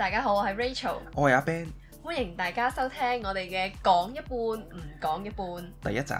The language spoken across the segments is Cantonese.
大家好，我係 Rachel，我係阿 Ben，歡迎大家收聽我哋嘅講一半唔講一半第一集。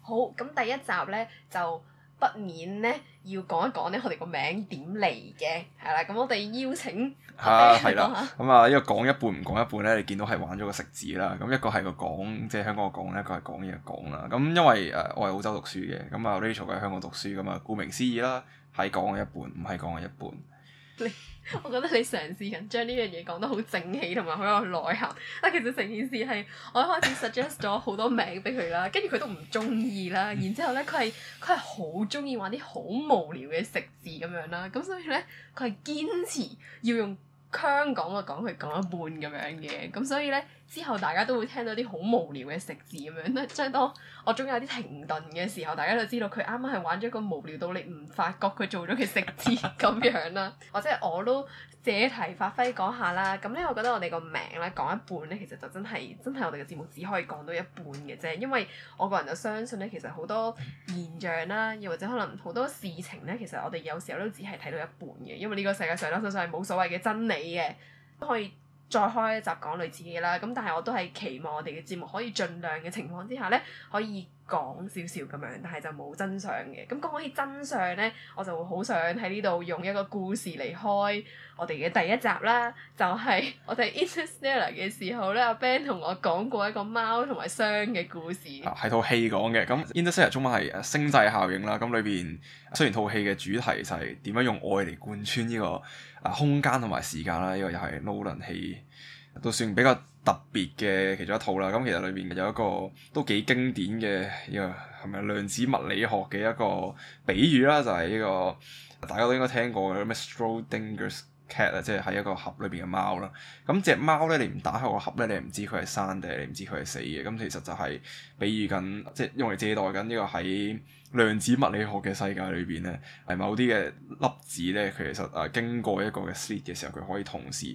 好，咁第一集呢就。不免咧要講一講咧，我哋個名點嚟嘅係啦。咁我哋邀請嚇係啦。咁啊，因為、嗯嗯嗯、講一半唔講一半咧，你見到係玩咗個食字啦。咁、嗯、一個係個講，即係香港個講咧，一個係講嘢嘅講啦。咁、嗯嗯、因為誒、呃，我係澳洲讀書嘅，咁、嗯、啊 Rachel 喺香港讀書㗎嘛、嗯。顧名思義啦，係講嘅一半，唔係講嘅一半。你，我覺得你嘗試緊將呢樣嘢講得好正氣，同埋好有內涵。啊，其實成件事係我一開始 suggest 咗好多名俾佢啦，跟住佢都唔中意啦。然之後咧，佢係佢係好中意玩啲好無聊嘅食字咁樣啦。咁所以咧，佢係堅持要用香港嘅講，佢講一半咁樣嘅。咁所以咧。之後大家都會聽到啲好無聊嘅食字咁樣，即係當我中間有啲停頓嘅時候，大家都知道佢啱啱係玩咗個無聊到你唔發覺佢做咗嘅食字咁樣啦。或者 我都借題發揮講下啦。咁咧，我覺得我哋個名咧，講一半咧，其實就真係真係我哋嘅節目只可以講到一半嘅啫。因為我個人就相信咧，其實好多現象啦，又或者可能好多事情咧，其實我哋有時候都只係睇到一半嘅。因為呢個世界上咧，實際係冇所謂嘅真理嘅，都可以。再開一集講類似嘅嘢啦，咁但係我都係期望我哋嘅節目可以盡量嘅情況之下咧可以。講少少咁樣，但係就冇真相嘅。咁講起真相呢，我就會好想喺呢度用一個故事嚟開我哋嘅第一集啦。就係、是、我哋《Interstellar》嘅時候呢阿 Ben 同我講過一個貓同埋箱嘅故事。啊，係套戲講嘅。咁《Interstellar》中文係星際效應啦。咁裏邊雖然套戲嘅主題就係點樣用愛嚟貫穿呢個啊空間同埋時間啦。呢個、嗯、又係 Nolan 戲，都算比較特別嘅其中一套啦，咁其實裏邊有一個都幾經典嘅，呢、這個係咪量子物理學嘅一個比喻啦？就係、是、呢個大家都應該聽過嘅咩 Schrodinger's cat 啊，即係喺一個盒裏邊嘅貓啦。咁隻貓咧，你唔打開個盒咧，你唔知佢係生定，你唔知佢係死嘅。咁其實就係比喻緊，即係用嚟借代緊呢個喺量子物理學嘅世界裏邊咧，係某啲嘅粒子咧，佢其實誒經過一個嘅 slit 嘅時候，佢可以同時。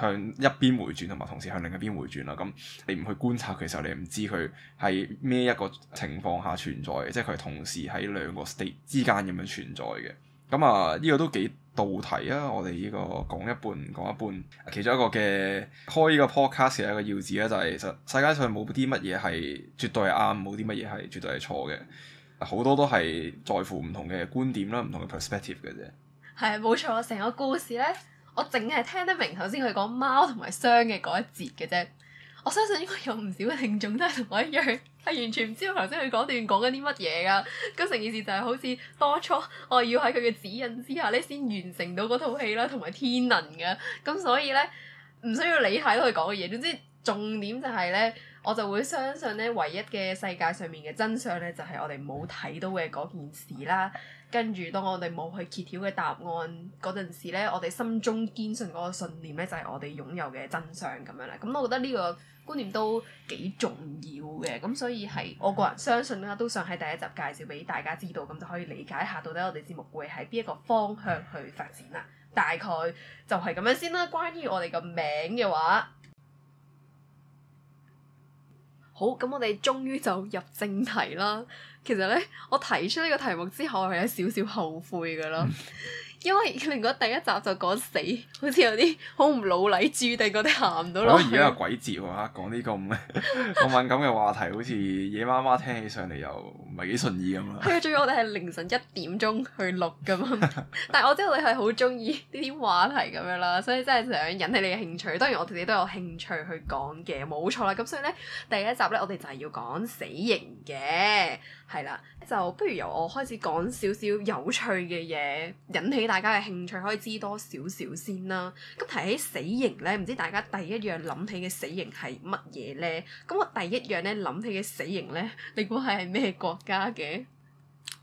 向一邊回轉，同埋同時向另一邊回轉啦。咁你唔去觀察佢嘅時候，你唔知佢係咩一個情況下存在嘅，即係佢同時喺兩個 state 之間咁樣存在嘅。咁啊，呢個都幾道題啊！我哋呢個講一半唔講一半。其中一個嘅開呢個 podcast 嘅一個要旨咧，就係其實世界上冇啲乜嘢係絕對係啱，冇啲乜嘢係絕對係錯嘅。好多都係在乎唔同嘅觀點啦，唔同嘅 perspective 嘅啫。係啊，冇錯，成個故事咧。我淨係聽得明頭先佢講貓同埋箱嘅嗰一節嘅啫，我相信應該有唔少嘅聽眾都係同我一樣，係完全唔知道頭先佢講段講緊啲乜嘢噶。咁成件事就係好似當初我要喺佢嘅指引之下咧，先完成到嗰套戲啦，同埋天能噶。咁所以咧，唔需要理解佢講嘅嘢。總之重點就係咧，我就會相信咧，唯一嘅世界上面嘅真相咧，就係我哋冇睇到嘅嗰件事啦。跟住，當我哋冇去揭曉嘅答案嗰陣時呢，我哋心中堅信嗰個信念呢就係我哋擁有嘅真相咁樣啦。咁我覺得呢個觀念都幾重要嘅，咁所以係我個人相信啦，都想喺第一集介紹俾大家知道，咁就可以理解下到底我哋節目會喺邊一個方向去發展啦。大概就係咁樣先啦。關於我哋個名嘅話，好，咁我哋終於就入正題啦。其實咧，我提出呢個題目之後，我有少少後悔噶咯，嗯、因為如果第一集就講死，好似有啲好唔老禮，注定嗰啲行唔到落去，我而家係鬼節啊，講啲咁咁敏感嘅話題，好似夜媽媽聽起上嚟又唔係幾順耳咁啊。仲要、 嗯、我哋係凌晨一點鐘去錄噶嘛，但係我知道你係好中意呢啲話題咁樣啦，所以真係想引起你嘅興趣。當然我哋自己都有興趣去講嘅，冇錯啦。咁所以咧，第一集咧我哋就係要講死刑嘅。係啦，就不如由我開始講少少有趣嘅嘢，引起大家嘅興趣，可以知多少少先啦。咁提起死刑咧，唔知大家第一樣諗起嘅死刑係乜嘢咧？咁我第一樣咧諗起嘅死刑咧，你估係係咩國家嘅？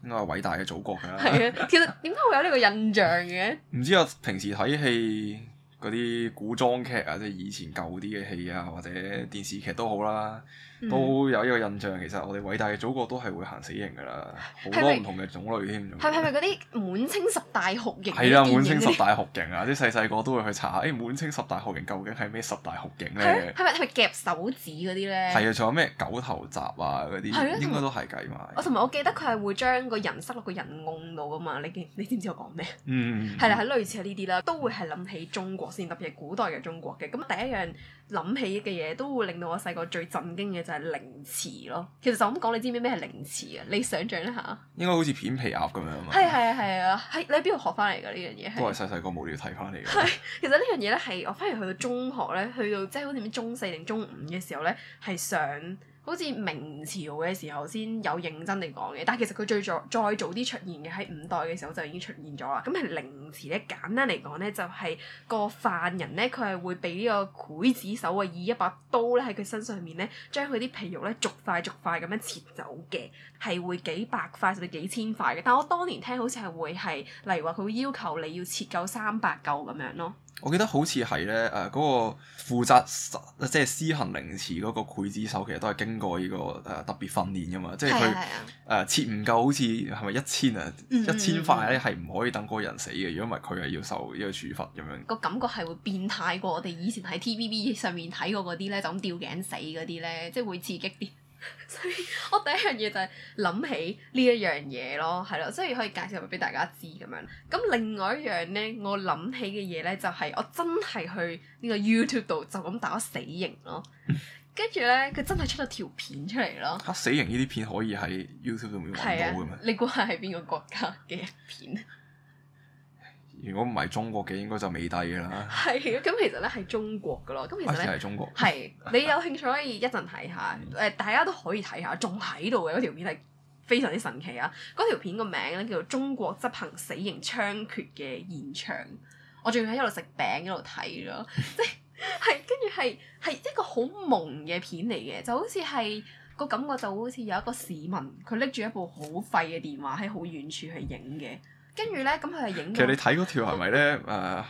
應該係偉大嘅祖國㗎啦。係啊，其實點解會有呢個印象嘅？唔知啊，平時睇戲嗰啲古裝劇啊，即係以前舊啲嘅戲啊，或者電視劇都好啦。嗯嗯、都有呢個印象，其實我哋偉大嘅祖國都係會行死刑㗎啦，好多唔同嘅種類添。係係咪嗰啲滿清十大酷刑？係啊，滿清十大酷刑啊！啲細細個都會去查下，誒、哎、滿清十大酷刑究竟係咩十大酷刑咧？係咪係咪夾手指嗰啲咧？係啊，仲有咩狗頭鍘啊嗰啲？係啦，啊、應該都係計埋。我同埋我記得佢係會將個人塞落個人甕度㗎嘛？你記你知唔知我講咩？嗯，係啦， 係類似係呢啲啦，都會係諗起中國先，特別係古代嘅中國嘅。咁第一樣。諗起嘅嘢都會令到我細個最震驚嘅就係凌遲咯。其實就咁講，你知唔知咩係凌遲啊？你想像一下。應該好似片皮鴨咁樣。係係啊，係啊，喺你喺邊度學翻嚟㗎呢樣嘢？都係細細個無聊睇翻嚟㗎。係，其實呢樣嘢咧係我反而去到中學咧， 去到即係好似咩中四定中五嘅時候咧，係上。好似明朝嘅時候先有認真嚟講嘅，但其實佢最早再早啲出現嘅喺五代嘅時候就已經出現咗啦。咁係凌遲咧，簡單嚟講咧就係、是、個犯人咧，佢係會俾呢個劊子手啊以一把刀咧喺佢身上面咧，將佢啲皮肉咧逐塊逐塊咁樣切走嘅，係會幾百塊甚至幾千塊嘅。但我當年聽好似係會係，例如話佢會要求你要切夠三百嚿咁樣咯。我記得好似係咧，誒、呃、嗰、那個負責即係施行凌遲嗰個劊子手，其實都係經過呢、這個誒、呃、特別訓練噶嘛，即係佢誒切唔夠，好似係咪一千啊， 一千塊咧係唔可以等嗰個人死嘅，如果唔係佢係要受呢個處罰咁樣。個 感覺係會變態過我哋以前喺 TVB 上面睇過嗰啲咧，就咁吊頸死嗰啲咧，即係會刺激啲。所以我第一樣嘢就係諗起呢一樣嘢咯，係咯，所以可以介紹俾大家知咁樣。咁另外一樣呢，我諗起嘅嘢呢，就係、是、我真係去呢個 YouTube 度就咁打死刑咯，跟住、嗯、呢，佢真係出咗條片出嚟咯。打死刑呢啲片可以喺 YouTube 度搵到嘅咩？你估下係喺邊個國家嘅片？如果唔係中國嘅，應該就美帝嘅啦。係，咁其實咧係中國嘅咯。咁其實咧係中國。係，你有興趣可以一陣睇下，誒、 呃，大家都可以睇下，仲喺度嘅嗰條片係非常之神奇啊！嗰條片個名咧叫做《中國執行死刑槍決嘅現場》，我仲要喺度食餅喺度睇咗，即係跟住係係一個好朦嘅片嚟嘅，就好似係、個感覺就好似有一個市民佢拎住一部好廢嘅電話喺好遠處去影嘅。跟住咧，咁佢係影。其實你睇嗰條係咪咧？誒、 呃。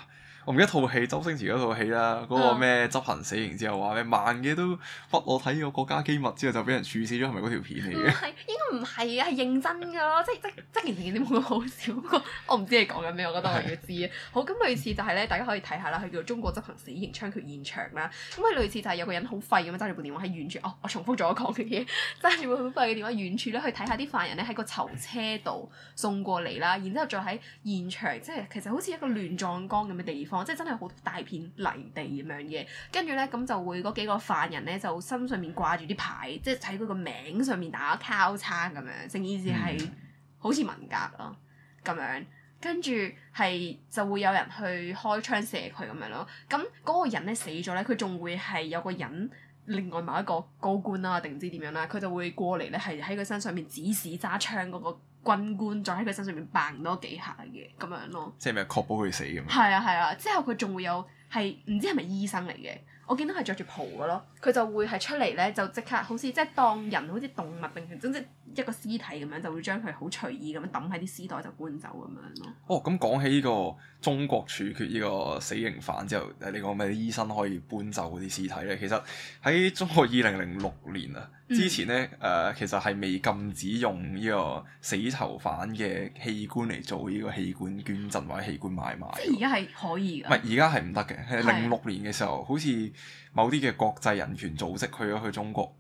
唔一套戲，周星馳嗰套戲啦，嗰、嗰個咩執行死刑之後話咩慢嘅都不我睇過國家機密之後就俾人處死咗，係咪嗰條片嚟嘅？唔係，應該唔係啊，係認真㗎咯， 即即即件事情都冇咁好笑。不過我唔知你講緊咩，我覺得我要知。 好，咁類似就係咧，大家可以睇下啦，佢叫做《中國執行死刑槍決現場》啦。咁佢類似就係有個人好廢咁揸住部電話喺遠處，哦，我重複咗我講嘅嘢，揸住部好廢嘅電話遠處咧，去睇下啲犯人咧喺個囚車度送過嚟啦，然之後再喺現場，即係其實好似一個亂葬崗咁嘅地方。即真係好大片泥地咁樣嘅，跟住咧咁就會嗰幾個犯人咧就身上面掛住啲牌，即係喺佢個名上面打交叉咁樣，正意思係、嗯、好似文革咯咁樣。跟住係就會有人去開槍射佢咁樣咯。咁嗰個人咧死咗咧，佢仲會係有個人另外某一個高官啦，定唔知點樣啦，佢就會過嚟咧係喺佢身上面指使揸槍嗰個。軍官再喺佢身上面掹多幾下嘅咁樣咯，即係咪確保佢死咁？係啊係啊，之後佢仲會有係唔知係咪醫生嚟嘅？我見到係著住袍嘅咯，佢就會係出嚟咧，就即刻好似即係當人好似動物定，總之一個屍體咁樣，就會將佢好隨意咁樣抌喺啲屍袋就搬走咁樣咯。哦，咁講起呢個中國處決呢個死刑犯之後，誒你講咩醫生可以搬走嗰啲屍體咧？其實喺中國二零零六年啊，之前咧，誒、呃、其實係未禁止用呢個死囚犯嘅器官嚟做呢個器官捐贈或者器官買賣。即係而家係可以㗎。唔係而家係唔得嘅。係零六年嘅時候，的好似某啲嘅國際人權組織去咗去中國，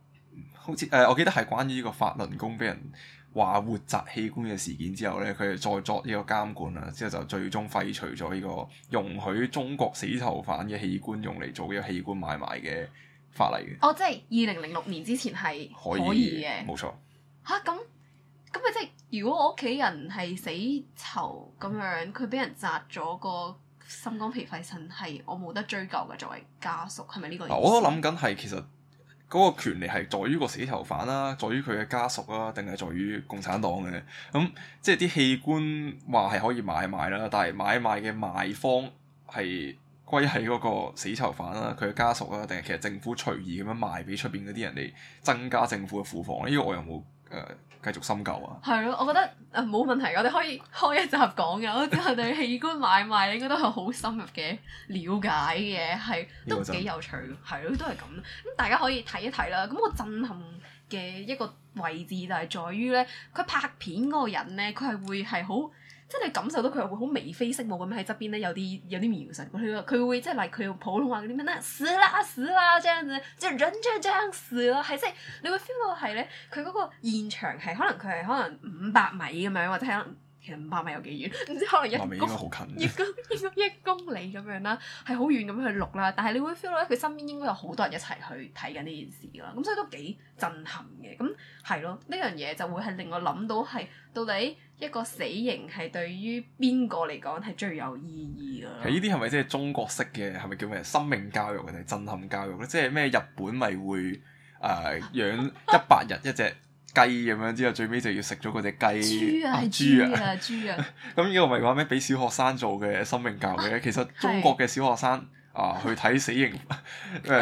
好似誒、呃，我記得係關於呢個法輪功俾人話活摘器官嘅事件之後咧，佢哋再作呢個監管啊，之後就最終廢除咗呢個容許中國死囚犯嘅器官用嚟做呢個器官買賣嘅。法例嘅，哦，即係二零零六年之前係可以嘅，冇錯。吓，咁咁咪即係，如果我屋企人係死囚咁樣，佢俾、嗯、人摘咗個心肝脾肺腎，係我冇得追究嘅，作為家屬，係咪呢個意思？嗯、我都諗緊係其實嗰個權利係在於個死囚犯啦、啊，在於佢嘅家屬啊，定係在於共產黨嘅？咁、嗯、即係啲器官話係可以買賣啦，但係買賣嘅賣方係。歸係嗰個死囚犯啦、啊，佢嘅家屬啦、啊，定係其實政府隨意咁樣賣俾出面嗰啲人嚟增加政府嘅庫房呢、呢個我又冇誒、呃、繼續深究啊。係咯，我覺得誒冇、呃、問題，我哋可以開一集講嘅。我覺得我哋器官買賣應該都係好深入嘅了解嘅，係都幾有趣。係咯，都係咁。咁大家可以睇一睇啦。咁、那、我、個、震撼嘅一個位置就係在於呢，佢拍片嗰個人呢，佢係會係好。即係你感受到佢又會好眉飛色舞咁樣喺側邊咧，有啲有啲描述佢，佢會即係例如佢用普通話嗰啲咩咧，死啦死啦，張子即係張張事咯，係即係你會 feel 到係咧，佢嗰個現場係可能佢係可能五百米咁樣或者可能。五百米有幾遠？唔知可能一公應該好近，一公一公一公里咁樣啦，係好遠咁樣去錄啦。但係你會 feel 到佢身邊應該有好多人一齊去睇緊呢件事咯。咁所以都幾震撼嘅。咁係咯，呢樣嘢就會係令我諗到係到底一個死刑係對於邊個嚟講係最有意義嘅？係呢啲係咪即係中國式嘅？係咪叫咩生命教育定係震撼教育咧？即係咩日本咪會誒、呃、養一百日一隻？ 雞咁樣之後，最尾就要食咗嗰隻雞。豬啊，啊豬啊，豬啊！咁呢個咪話咩俾小學生做嘅生命教嘅？啊、其實中國嘅小學生啊，啊去睇死刑，咩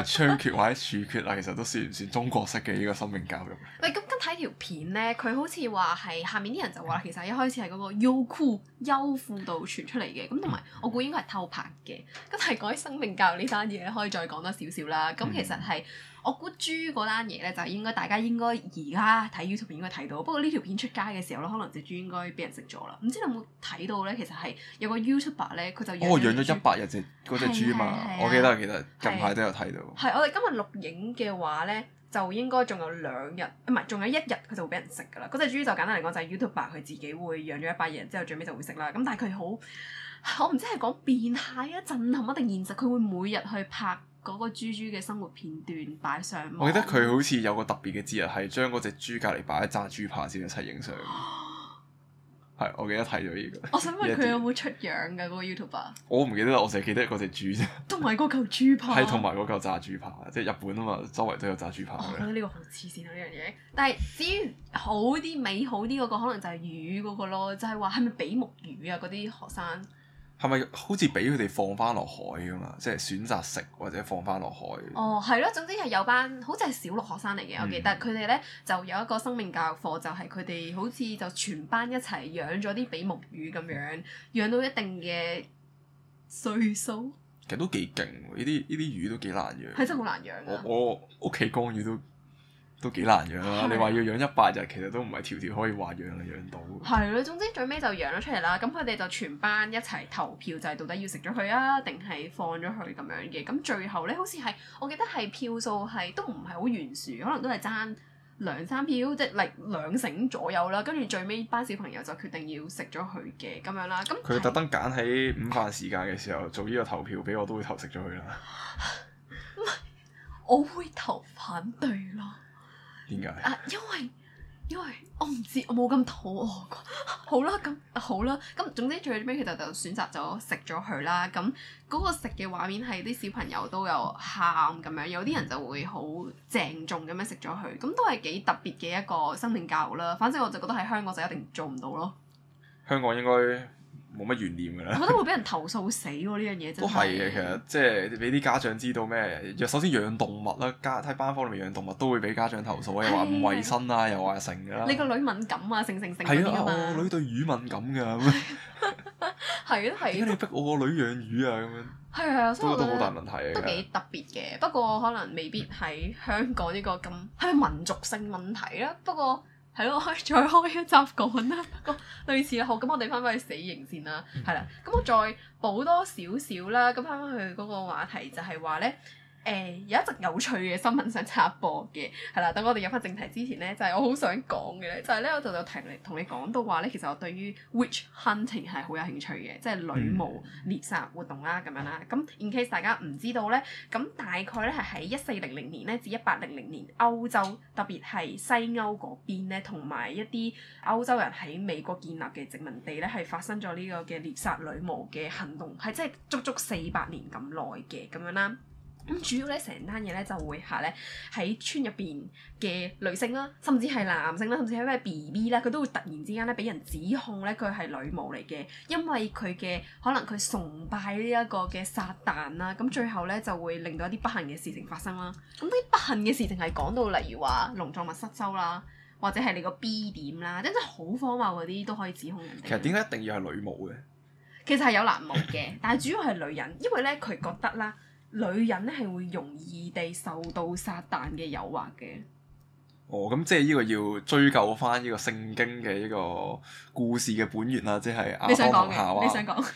槍的、啊、決或者處決啊，其實都算唔算中國式嘅呢、這個生命教育？喂， 咁跟睇條片咧，佢好似話係下面啲人就話，其實一開始係嗰、那個優酷優酷度傳出嚟嘅，咁同埋我估應該係偷拍嘅。咁但係講起生命教呢單嘢，可以再講多少少啦。咁其實係。嗯我估豬嗰單嘢咧，就應該大家應該而家睇 YouTube 應該睇到。不過呢條片出街嘅時候咧，可能隻豬應該俾人食咗啦。唔知你有冇睇到咧？其實係有個 YouTuber 咧，佢就養咗隻豬，養咗一百日嗰隻豬嘛，是是是是是我記得是是是記得是是近排都有睇到。係我哋今日錄影嘅話咧，就應該仲有兩日，唔係仲有一日佢就會俾人食噶啦。嗰隻豬就簡單嚟講就係 YouTuber 佢自己會養咗一百日之後最尾就會食啦。咁但係佢好，我唔知係講變態啊震撼啊定現實，佢會每日去拍。嗰個豬豬嘅生活片段擺上我， 我記得佢好似有個特別嘅節日，係將嗰隻豬隔離擺喺炸豬排先一齊影相。係，我記得睇咗呢個。我想問佢有冇出樣㗎嗰、嗰個 YouTuber。我唔記得啦，我淨係記得嗰隻豬啫。同埋嗰嚿豬排，係同埋嗰嚿炸豬排，即係日本啊嘛，周圍都有炸豬排。我覺得呢個好黐線啊，呢樣嘢。但係至於好啲、美好啲嗰、嗰個，可能就係魚嗰個咯，就係話係咪比目魚啊？嗰啲學生。係咪好似俾佢哋放翻落海咁呀？即係選擇食或者放翻落海。哦，係咯，總之係有班，好似係小六學生嚟嘅，我記得佢哋咧就有一個生命教育課，就係佢哋好似就全班一齊養咗啲比目魚咁樣，養到一定嘅歲數。其實都幾勁，呢啲呢啲魚都幾難養。係真係好難養我。我我屋企缸魚都。都幾難養啊。嗎你話要養一百隻，其實都唔係條條可以話養啊，養到。係咯，總之最尾就養咗出嚟啦。咁佢哋就全班一齊投票，就係、是、到底要食咗佢啊，定係放咗佢咁樣嘅。咁最後咧，好似係我記得係票數係都唔係好懸殊，可能都係爭兩三票，即、就、係、是、兩成左右啦。跟住最尾班小朋友就決定要食咗佢嘅咁樣啦。咁佢特登揀喺午飯時間嘅時候做呢個投票，俾我都會投食咗佢啦。唔係， 我會投反對咯。點解？啊，因為因為我唔知，我冇咁肚餓。好啦，咁好啦，咁總之最尾佢就就選擇咗食咗佢啦。咁嗰個食嘅畫面係啲小朋友都有喊咁樣，有啲人就會好鄭重咁樣食咗佢，咁都係幾特別嘅一個生命教育啦。反正我就覺得喺香港就一定做唔到咯。香港應該。冇乜懸念㗎啦，我覺得會俾人投訴死喎呢樣嘢真係。都係嘅，其實即係俾啲家長知道咩？首先養動物啦，家喺班房裏面養動物都會俾家長投訴，又話唔衞生啊，係啊又話成㗎啦。你個女敏感啊，成成成嘅嘛。我個女對魚敏感㗎，係咯係。點解你逼我個女養魚啊？咁樣。係啊，所以我覺得都都好大問題嘅。都幾特別嘅，不過可能未必喺香港呢個咁係、嗯、民族性問題啦。不過。係咯，我可以再開一集講啦，個、 哦、類似啊。好，咁我哋翻返去死刑先啦，係啦。 咁我再補多少少啦。咁翻返去嗰個話題就係話咧。誒、呃、有一則有趣嘅新聞想插播嘅，係啦，等我哋入返正題之前咧，就係、是、我好想講嘅咧，就係、是、咧我就有提嚟同你講到話咧，其實我對於 witch hunting 係好有興趣嘅，即係女巫獵殺活動啦咁樣啦。咁 in case 大家唔知道咧，咁大概咧係喺一四零零年咧至一八零零年歐洲，特別係西歐嗰邊咧，同埋一啲歐洲人喺美國建立嘅殖民地咧，係發生咗呢個嘅獵殺女巫嘅行動，係即係足足四百年咁耐嘅咁樣啦。咁主要咧，成單嘢咧就會係咧喺村入邊嘅女性啦，甚至係男性啦，甚至係咩 B B 啦，佢都會突然之間咧俾人指控咧佢係女巫嚟嘅，因為佢嘅可能佢崇拜呢一個嘅撒旦啦，咁最後咧就會令到一啲不幸嘅事情發生啦。咁啲不幸嘅事情係講到例如話農作物失收啦，或者係你個 B 點啦，即係真係好荒謬嗰啲都可以指控人哋。其實點解一定要係女巫嘅？其實係有男巫嘅， 但係主要係女人，因為咧佢覺得啦。女人咧係會容易地受到撒旦嘅誘惑嘅。哦，咁即係呢個要追究翻呢個聖經嘅呢個故事嘅本源啦，即係阿當夏娃話，你想講，你想講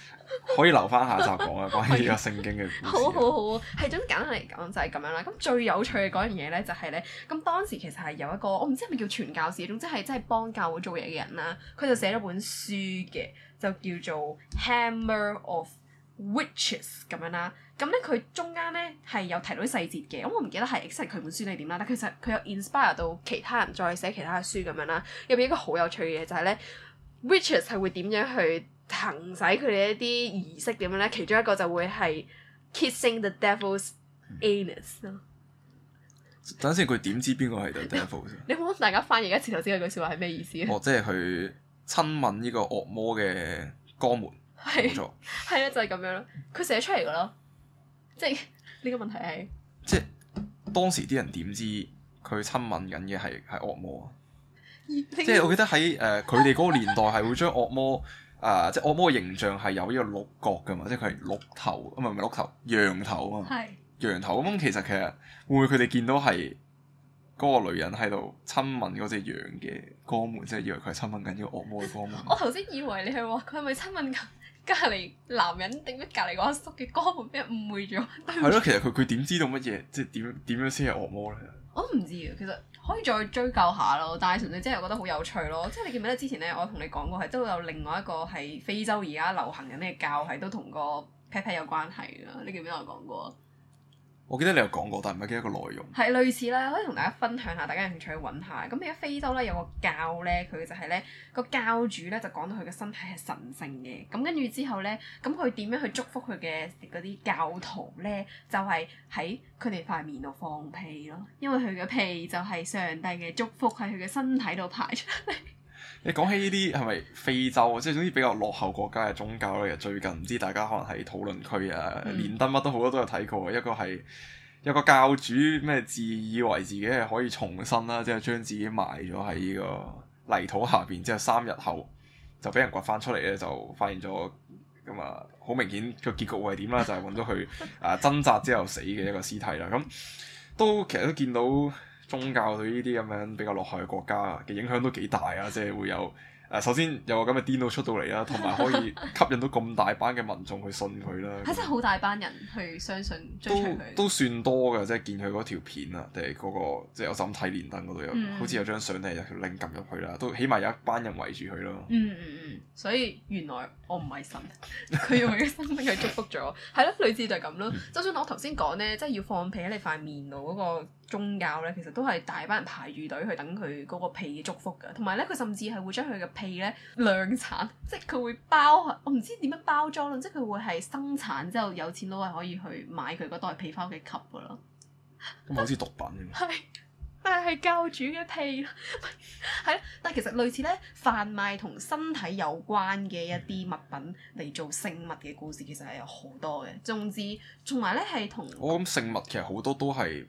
可以留翻下集講啊，講呢個聖經嘅故事， 好，好好好，係，簡單嚟講就係咁樣啦。咁最有趣嘅嗰樣嘢咧就係咧，咁當時其實係有一個我唔知係咪叫傳教士，總之係即係幫教會做嘢嘅人啦。佢就寫咗本書嘅，就叫做《Hammer of》。Witches 咁樣啦，咁咧佢中間咧係有提到啲細節嘅，咁、嗯、我唔記得係其實佢本書係點啦，但其實佢有 inspire 到其他人再寫其他書咁樣啦。入面一個好有趣嘅嘢就係、是、咧，witches 係會點樣去行使佢哋一啲儀式點樣咧？其中一個就會係 kissing the devil's anus、嗯啊、等陣先，佢點知邊個係 the devil？你好，你想想大家翻譯一次頭先嗰句説話係咩意思啊？哦，即係去親吻呢個惡魔嘅肛門。冇錯，係啦 沒， 就係、是、咁樣咯。佢寫出嚟噶咯，即係呢個問題係，即係當時啲人點知佢親吻緊嘅係係惡魔啊？即係、嗯、我記得喺誒佢哋嗰個年代係會將惡魔誒、呃、即係惡魔嘅形象係有呢個鹿角噶嘛，即係佢係鹿頭啊唔係唔係鹿頭羊頭啊嘛，係是羊頭咁、嗯。其實其實會唔會佢哋見到係嗰個女人喺度親吻嗰隻羊嘅肛門，即係以為佢係親吻緊呢個惡魔嘅肛門？ 我頭先以為你係話佢係咪親吻緊？隔離男人定解隔離嗰阿叔嘅歌被誤會咗？係 咯起，其實佢佢點知道乜嘢？即係點點樣先係惡魔咧？我都唔知啊，其實可以再追究下咯。但係純粹真係覺得好有趣咯。即係你記唔記得之前咧，我同你講過係都有另外一個係非洲而家流行緊嘅咩教係都同個 pat pat 有關係啦。你記唔記得我講過？我記得你有講過，但係唔係記得個內容？係類似啦，可以同大家分享下，大家有興趣去揾下。咁而家非洲咧有個教咧，佢就係咧個教主咧，就講到佢個身體係神聖嘅。咁跟住之後咧，咁佢點樣去祝福佢嘅嗰啲教徒咧？就係喺佢哋塊面度放屁咯，因為佢嘅屁就係上帝嘅祝福喺佢嘅身體度排出嚟。你講起呢啲係咪非洲？即係總之比較落後國家嘅宗教咧，最近唔知大家可能喺討論區啊、嗯、連登乜都好多都有睇過。一個係有個教主咩自以為自己係可以重生啦，即係將自己埋咗喺呢個泥土下邊，之後三日後就俾人掘翻出嚟咧，就發現咗咁啊，好明顯個結局會係點啦？就係揾咗佢啊，掙扎之後死嘅一個屍體啦。咁都其實都見到。宗教對呢啲咁樣比較落後嘅國家嘅影響都幾大啊！即係會有誒、呃，首先有個咁嘅顛倒出到嚟啦，同埋可以吸引到咁大班嘅民眾去信佢啦。係真係好大班人去相信追隨佢。都、都算多嘅，即係見佢嗰條片啊，定係嗰個即係有怎睇憲登嗰度有，嗯、好似有張相咧，有條 link 撳入去啦，都起碼有一班人圍住佢咯。嗯嗯嗯，所以原來我唔係神，佢用佢嘅生命去祝福咗我。係咯， 類似就係咁咯。就算我頭先講咧，即係要放屁喺你塊面度嗰個。宗教咧，其實都係大班人排住隊去等佢嗰個屁嘅祝福噶，同埋咧佢甚至係會將佢嘅屁咧量產，即係佢會包，我唔知點樣包裝咯，即係佢會係生產之後有錢佬係可以去買佢嗰袋屁翻屋企吸噶啦。咁好似毒品係， 但係係教主嘅屁咯，係 但係其實類似咧販賣同身體有關嘅一啲物品嚟做聖物嘅故事，其實係有好多嘅，總之，同埋咧係同我諗聖物其實好多都係。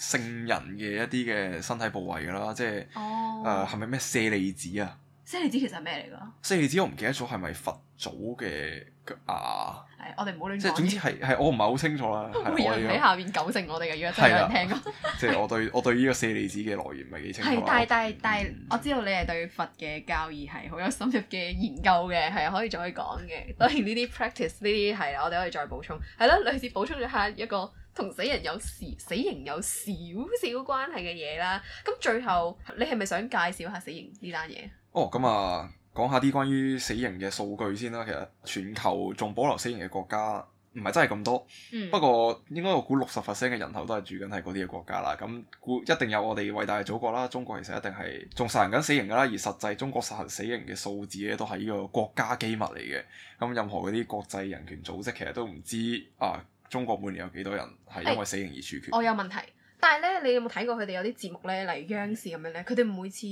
聖人嘅一啲嘅身體部位噶啦，即係誒係咪咩舍利子啊？舍利子其實係咩嚟噶？舍利子我唔記得咗係咪佛祖嘅腳牙？我哋唔好亂講。即係總之係係，我唔係好清楚啦。有人喺下邊糾正我哋嘅，如果真係有人聽過。即係、啊、 我對我對呢個舍利子嘅來源唔係幾清楚。係，但係但係，但我知道你係對佛嘅教義係好有深入嘅研究嘅，係可以再講嘅。當然呢啲 practice 呢啲係我哋可以再補充，係咯，類似補充咗下一個。同死人有時死刑有少少關係嘅嘢啦，咁最後你係咪想介紹下死刑呢單嘢？哦，咁啊，講下啲關於死刑嘅數據先啦。其實全球仲保留死刑嘅國家唔係真係咁多，嗯、不過應該我估六十 percent 嘅人口都係住緊喺嗰啲嘅國家啦。咁估一定有我哋偉大嘅祖國啦，中國其實一定係仲執行緊死刑㗎啦。而實際中國執行死刑嘅數字咧，都係呢個國家機密嚟嘅。咁任何嗰啲國際人權組織其實都唔知啊。中國每年有幾多人係因為死刑而處決？Hey，我有問題，但係咧，你有冇睇過佢哋有啲節目咧？例如央視咁樣咧，佢哋每次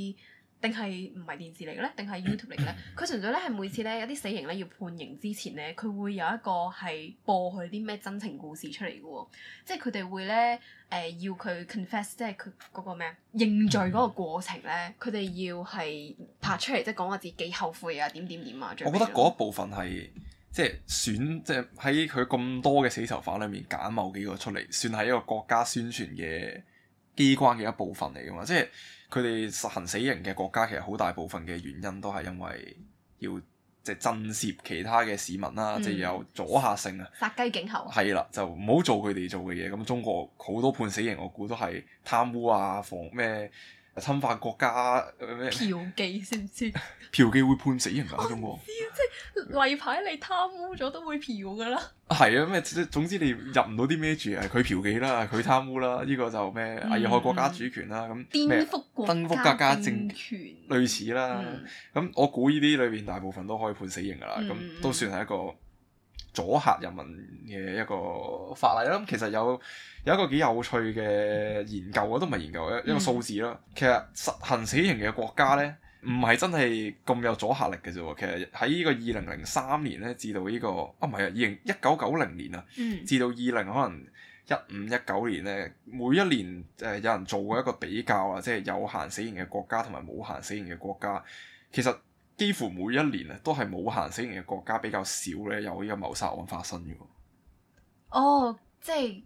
定係唔係電視嚟嘅咧？定係 YouTube 嚟嘅咧？佢 純粹咧係每次咧有啲死刑咧要判刑之前咧，佢會有一個係播佢啲咩真情故事出嚟嘅喎，即係佢哋會咧誒、呃、要佢 confess，即係佢嗰個咩啊認罪嗰個過程咧，佢哋 要係拍出嚟， 即係講話自己幾後悔啊點點點啊。我覺得嗰一部分係。即係選，即係喺佢咁多嘅死囚犯裏面揀某幾個出嚟，算係一個國家宣傳嘅機關嘅一部分嚟噶嘛？即係佢哋實行死刑嘅國家，其實好大部分嘅原因都係因為要即係震懾其他嘅市民啦，嗯、即係有阻嚇性啊！殺雞儆猴係啦，就唔好做佢哋做嘅嘢。咁中國好多判死刑，我估都係貪污啊、防咩？侵犯國家咩？嫖妓，知唔知？嫖妓 會判死刑噶喎、啊 啊！即係例牌，你貪污咗都會嫖嘅啦。係 啊，咩？總之你入唔到啲咩住係佢嫖妓啦，佢貪污啦，呢、這個就咩？危害國家主權啦，咁咩、嗯？嗯、顛覆國家政權，嗯、類似啦。咁、嗯嗯、我估呢啲裏邊大部分都可以判死刑噶啦。咁都算係一個。阻嚇人民嘅一個法例啦，其實有有一個幾有趣嘅研究，我都唔係研究一一個數字咯。其實實行死刑嘅國家咧，唔係真係咁有阻嚇力嘅啫。其實喺呢個二零零三年咧，至到呢個啊，唔係啊，二零一九九零年啊，年嗯、至到二零可能一五一九年咧，每一年誒有人做過一個比較啊，即係有限死刑嘅國家同埋冇限死刑嘅國家，其實。幾乎每一年咧都係冇行死刑嘅國家比較少咧，有呢個謀殺案發生嘅。哦、oh, 就是，即係，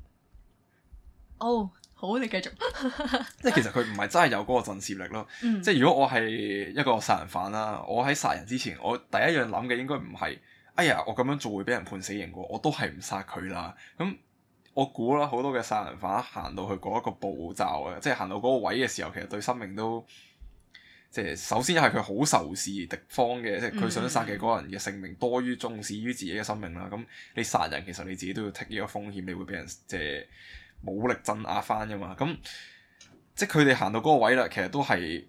哦，好，你繼續。 即係其實佢唔係真係有嗰個震懾力咯。Mm. 即係如果我係一個殺人犯啦，我喺殺人之前，我第一樣諗嘅應該唔係，哎呀，我咁樣做會俾人判死刑喎，我都係唔殺佢啦。咁我估啦，好多嘅殺人犯行到去嗰一個步驟嘅，即係行到嗰個位嘅時候，其實對生命都。即係首先係佢好仇視敵方嘅，即係佢想殺嘅嗰個人嘅性命多於重視於自己嘅生命啦。咁、嗯、你殺人其實你自己都要 take 呢個風險，你會俾人即係武力鎮壓翻噶嘛。咁即係佢哋行到嗰個位啦，其實都係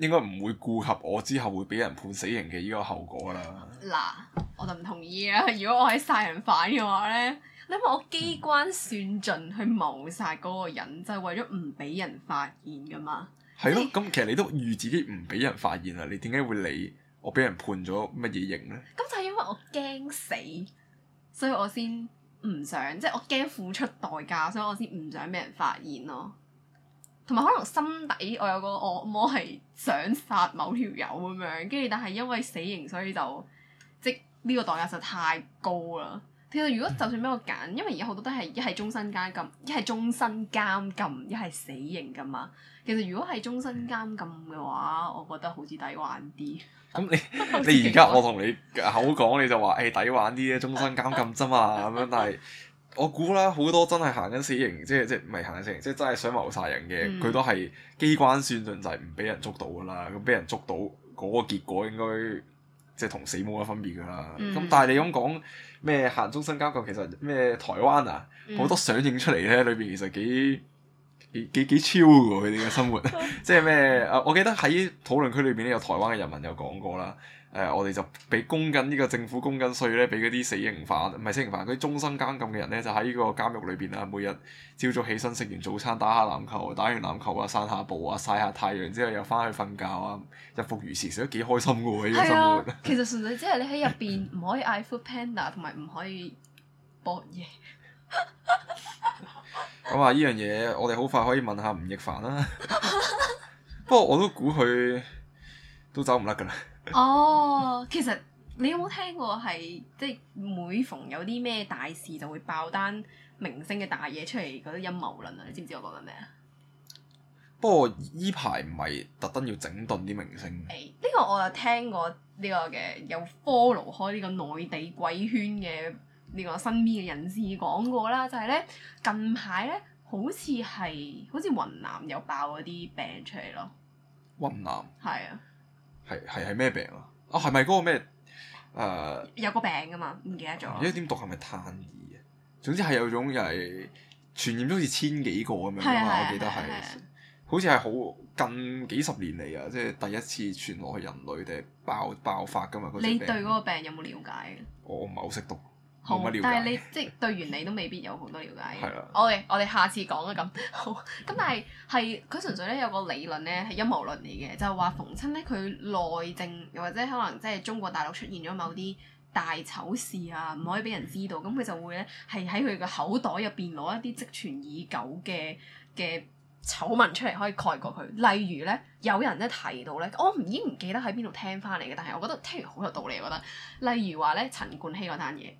應該唔會顧及我之後會俾人判死刑嘅呢個後果啦。嗱，我就唔同意啊！如果我係殺人犯嘅話咧，你為我機關算盡去謀殺嗰個人，嗯、就係為咗唔俾人發現噶嘛。係咯，咁 其實你都預自己唔俾人發現啦。你點解會理我俾人判咗乜嘢刑咧？咁就係因為我驚死，所以我先唔想，即係我驚付出代價，所以我先唔想俾人發現咯。同埋可能心底我有個惡魔係想殺某條友咁樣，跟住但係因為死刑，所以就即呢個代價實在太高啦。其實如果就算俾我揀，因為而家好多都係一係終身監禁，一係終身監禁，一係死刑噶嘛。其實如果係終身監禁嘅話，我覺得好似抵玩啲。咁、嗯、 你你而家我同你口講，你就話誒、欸、抵玩啲咧，終身監禁啫嘛咁樣，但係我估啦，好多真係行緊死刑，即係即係唔係行緊死刑，即、就、係、是、真係想謀殺人嘅，佢、嗯、都係機關算盡就係唔俾人捉到噶啦。咁俾人捉到嗰、那個結果應該～即係同死冇乜分別㗎啦，咁、嗯、但係你咁講咩行中新加坡，其實咩台灣啊好、嗯、多上映出嚟咧，裏邊其實幾。幾幾超噶喎！佢哋嘅生活， 即係咩？我記得喺討論區裏邊咧，有台灣嘅人民有講過啦。誒、呃，我哋就俾供緊呢個政府供緊稅咧，俾嗰啲死刑犯，唔係死刑犯，嗰啲終身監禁嘅人咧，就喺呢個監獄裏邊啊，每日朝早起身食完早餐，打下籃球，打完籃球啊，散下步啊，曬下太陽之後又翻去瞓覺啊，日復如是，成日都幾開心噶喎！呢個生活、啊、 其實純粹只係你喺入邊唔可以嗌 food panda，同埋唔可以博嘢。 咁啊！呢樣嘢我哋好快可以問下吳亦凡啦。 不過我都估佢都走唔甩噶啦。哦，其實你有冇聽過係即係每逢有啲咩大事就會爆單明星嘅大嘢出嚟嗰啲陰謀論啊？你知唔知我講緊咩啊？ 不過依排唔係特登要整頓啲明星。誒，呢個我又聽過呢個嘅有 follow 開呢個內地鬼圈嘅。呢個身邊嘅人士講過啦，就係、係、咧近排咧好似係好似雲南有爆嗰啲病出嚟咯。雲南係啊，係係係咩病啊？哦，係咪嗰個咩誒？呃、有個病噶嘛，唔記得咗。而家點讀係咪炭二啊？總之係有種又係傳染，好似千幾個咁樣啊嘛。啊我記得係，啊啊、好似係好近幾十年嚟啊，即係第一次傳落去人類嘅爆爆發噶嘛。嗰個、你對嗰個病有冇了解？我唔係好識讀。好，但係你 即係對原理都未必有好多了解 okay, 我哋我哋下次講啊咁，好咁。但係係佢純粹咧有個理論咧係陰謀論嚟嘅，就係話逢親咧佢內政又或者可能即係中國大陸出現咗某啲大醜事啊，唔可以俾人知道，咁佢就會咧係喺佢嘅口袋入邊攞一啲積存已久嘅嘅醜聞出嚟，可以蓋過佢。例如咧，有人咧提到咧，我唔已經唔記得喺邊度聽翻嚟嘅，但係我覺得聽完好有道理，我覺得。例如話咧，陳冠希嗰單嘢。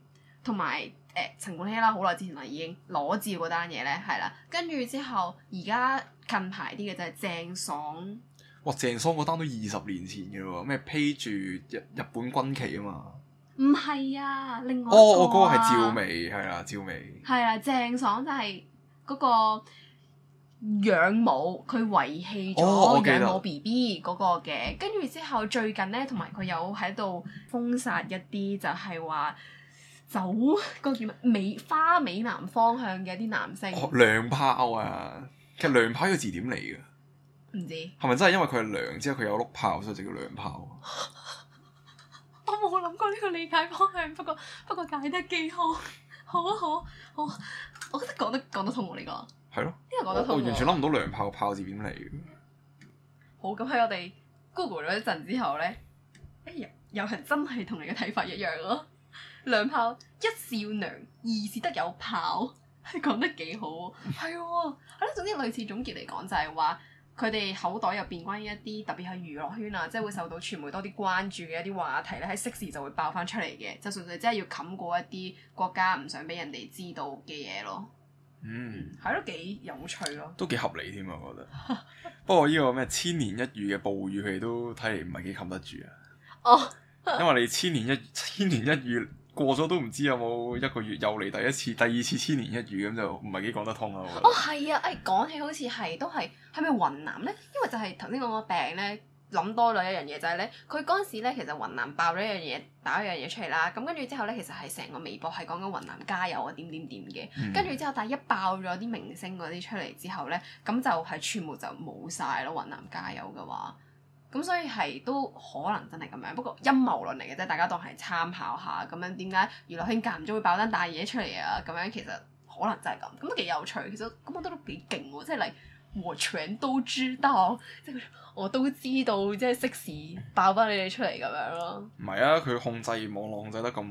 同埋誒陳冠希啦，好耐之前啦已經裸照嗰單嘢咧，係啦。跟住之後，而家近排啲嘅就係鄭爽。哇！鄭爽嗰單都二十年前嘅咯，咩披住日日本軍旗啊嘛？唔係啊，另外哦，嗰、嗰個係趙薇係啦，趙薇係啊。鄭爽就係嗰個養母，佢遺棄咗養母 B B 嗰個嘅。跟住、哦、之後，最近咧同埋佢有喺度封殺一啲，就係話。走嗰個叫咩？美花美男方向嘅一啲男性。梁、喔、炮啊，其實梁炮呢個字點嚟嘅？唔知係咪真係因為佢係梁之後佢有碌炮，所以就叫梁炮。我冇諗過呢個理解方向，不過不過解得幾好，好啊好啊，好，我覺得講得講得通喎，你講。係咯了。因為講得通我。我完全諗唔到梁炮炮字點嚟嘅。好，咁喺我哋 Google 咗一陣之後咧，哎、欸、呀，又係真係同你嘅睇法一樣咯。兩炮一少娘，二是得有炮，係 講得幾好，係喎。係咯，總之類似總結嚟講，就係話佢哋口袋入邊關於一啲特別係娛樂圈啊，即係會受到傳媒多啲關注嘅一啲話題咧，喺適時就會爆翻出嚟嘅，就純粹真係要冚過一啲國家唔想俾人哋知道嘅嘢咯。嗯，係咯、嗯，幾有趣咯，都幾合理添啊，我覺得。 不過呢個咩千年一遇嘅暴雨，佢哋都睇嚟唔係幾冚得住啊。哦， 因為你千年一千年一遇。過咗都唔知有冇一個月又嚟第一次、第二次千年一遇，咁就唔係幾講得通我覺得、哦、啊！哦、哎，係啊，誒，講起好似係都係，係咪雲南咧？因為就係頭先講個病咧，諗多咗一樣嘢就係、是、咧，佢嗰陣時咧其實雲南爆咗一樣嘢，打咗一樣嘢出嚟啦。咁跟住之後咧，其實係成個微博係講緊雲南加油啊，點點點嘅。跟住、嗯、之後，但係一爆咗啲明星嗰啲出嚟之後咧，咁就係全部就冇晒咯。雲南加油嘅話。咁、嗯、所以係都可能真係咁樣，不過陰謀論嚟嘅啫，大家當係參考下咁樣。點解娛樂圈間唔中會爆單大嘢出嚟啊？咁樣其實可能就係咁，咁都幾有趣。其實咁我都幾勁喎，即係你和腸都知道，即係我都知道，即係息事爆返你哋出嚟咁樣咯。唔係啊，佢控制網絡制得咁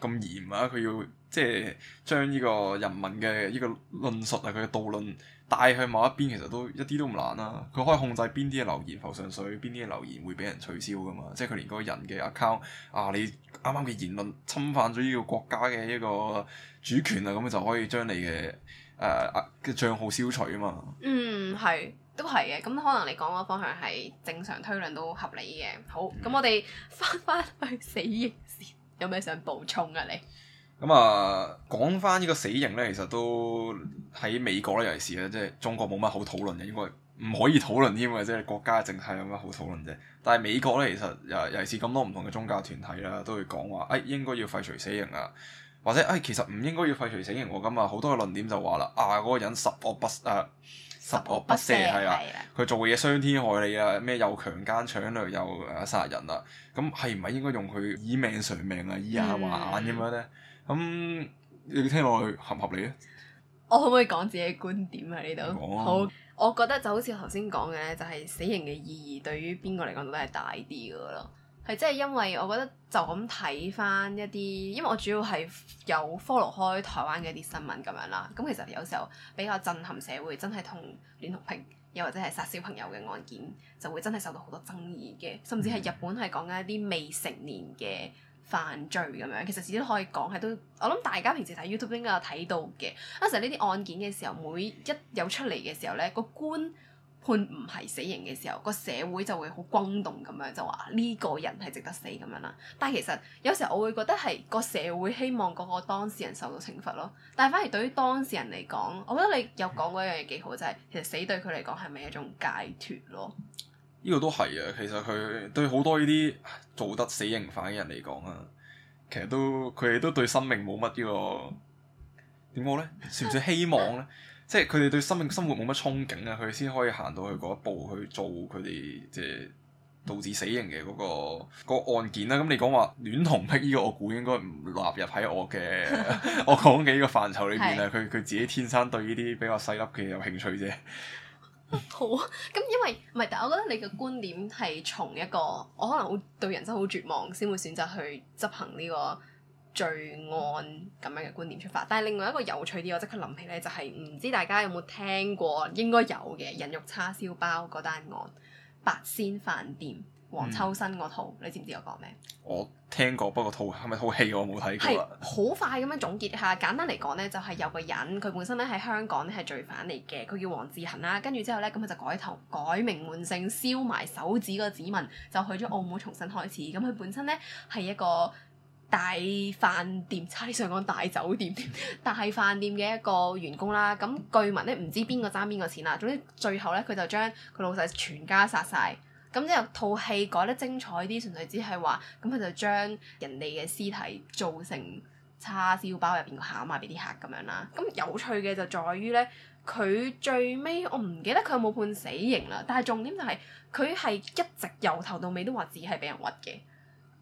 咁嚴啊，佢要即係將呢個人民嘅呢、呢個論述啊，佢嘅道論。帶去某一邊其實都一啲都唔難啦、啊，佢可以控制邊啲嘅留言浮上水，邊啲嘅留言會俾人取消噶嘛，即係佢連嗰個人嘅 account 啊，你啱啱嘅言論侵犯咗呢個國家嘅一個主權啊，咁樣就可以將你嘅誒嘅帳號消除啊嘛。嗯，係，都係嘅，咁可能你講嗰個方向係正常推論都合理嘅。好，咁、嗯、我哋翻返去死刑先，有咩想補充啊你？咁啊，講翻呢個死刑咧，其實都喺美國咧，尤其是咧，即係中國冇乜好討論嘅，應該唔可以討論添啊，即係國家淨係有乜好討論啫。但係美國咧，其實又尤其是咁多唔同嘅宗教團體啦，都會講話，誒、哎，應該要廢除死刑啊，或者誒、哎，其實唔應該要廢除死刑。咁啊，好多嘅論點就話啦，啊，嗰、那個人十惡不誒十惡不赦係啊，佢做嘢傷天害理啊，咩又強姦搶掠又誒殺人啊，咁係唔係應該用佢以命償命啊，以眼還眼咁樣咧？嗯咁、嗯、你聽落去合唔合理啊？我可唔可以講自己嘅觀點啊？呢度好，我覺得就好似頭先講嘅咧，就係、是、死刑嘅意義對於邊個嚟講都係大啲噶咯，係即係因為我覺得就咁睇翻一啲，因為我主要係有 follow 開台灣嘅一啲新聞咁樣啦。咁其實有時候比較震撼社會真，真係同孌童片又或者係殺小朋友嘅案件，就會真係受到好多爭議嘅。甚至係日本係講緊一啲未成年嘅。犯罪咁樣，其實自己都可以講係都，我諗大家平時睇 YouTube 應該有睇到嘅。有時呢啲案件嘅時候，每一有出嚟嘅時候咧，個官判唔係死刑嘅時候，個社會就會好轟動咁樣，就話呢個人係值得死咁樣啦。但係其實有時候我會覺得係個社會希望嗰個當事人受到懲罰咯。但係反而對於當事人嚟講，我覺得你有講過一樣嘢幾好，就係、是、其實死對佢嚟講係咪一種解脫咯？呢個都係啊，其實佢對好多呢啲做得死刑犯嘅人嚟講啊，其實都佢哋都對生命冇乜、這個、呢個點講咧，算唔算希望咧， 即係佢哋對生命生活冇乜憧憬啊，佢先可以行到去嗰一步去做佢哋即係導致死刑嘅嗰、那個那個案件啦。咁你講話戀童癖呢、這個，我估應該唔納入喺我嘅 我講嘅呢個範疇裏邊啊。佢佢 自己天生對呢啲比較細粒嘅有興趣啫。好，咁 因為唔係，但我覺得你嘅觀點係從一個我可能會對人生好絕望，先會選擇去執行呢個罪案咁樣嘅觀點出發。但係另外一個有趣啲，我即刻諗起咧，就係、是、唔知大家有冇聽過，應該有嘅人肉叉燒包嗰單案，八仙飯店。黃秋生嗰套，嗯、你知唔知我講咩？我聽過，不過套係咪套戲我冇睇過。係好快咁樣總結下，簡單嚟講咧，就係有個人佢本身咧喺香港咧係罪犯嚟嘅，佢叫黃志恒啦。跟住之後咧，咁佢就改頭改名換姓，燒埋手指個指紋，就去咗澳門重新開始。咁佢本身咧係一個大飯店，差啲想講大酒店， 大飯店嘅一個員工啦。咁據聞咧，唔知邊個爭邊個錢啦。總之最後咧，佢就將佢老細全家殺晒。咁即係套戲改得精彩啲，純粹只係話，咁佢就將人哋嘅屍體做成叉燒包入邊個餡啊，俾啲客咁樣啦。咁有趣嘅就在於咧，佢最尾我唔記得佢有冇判死刑啦，但係重點就係佢係一直由頭到尾都話自己係俾人屈嘅，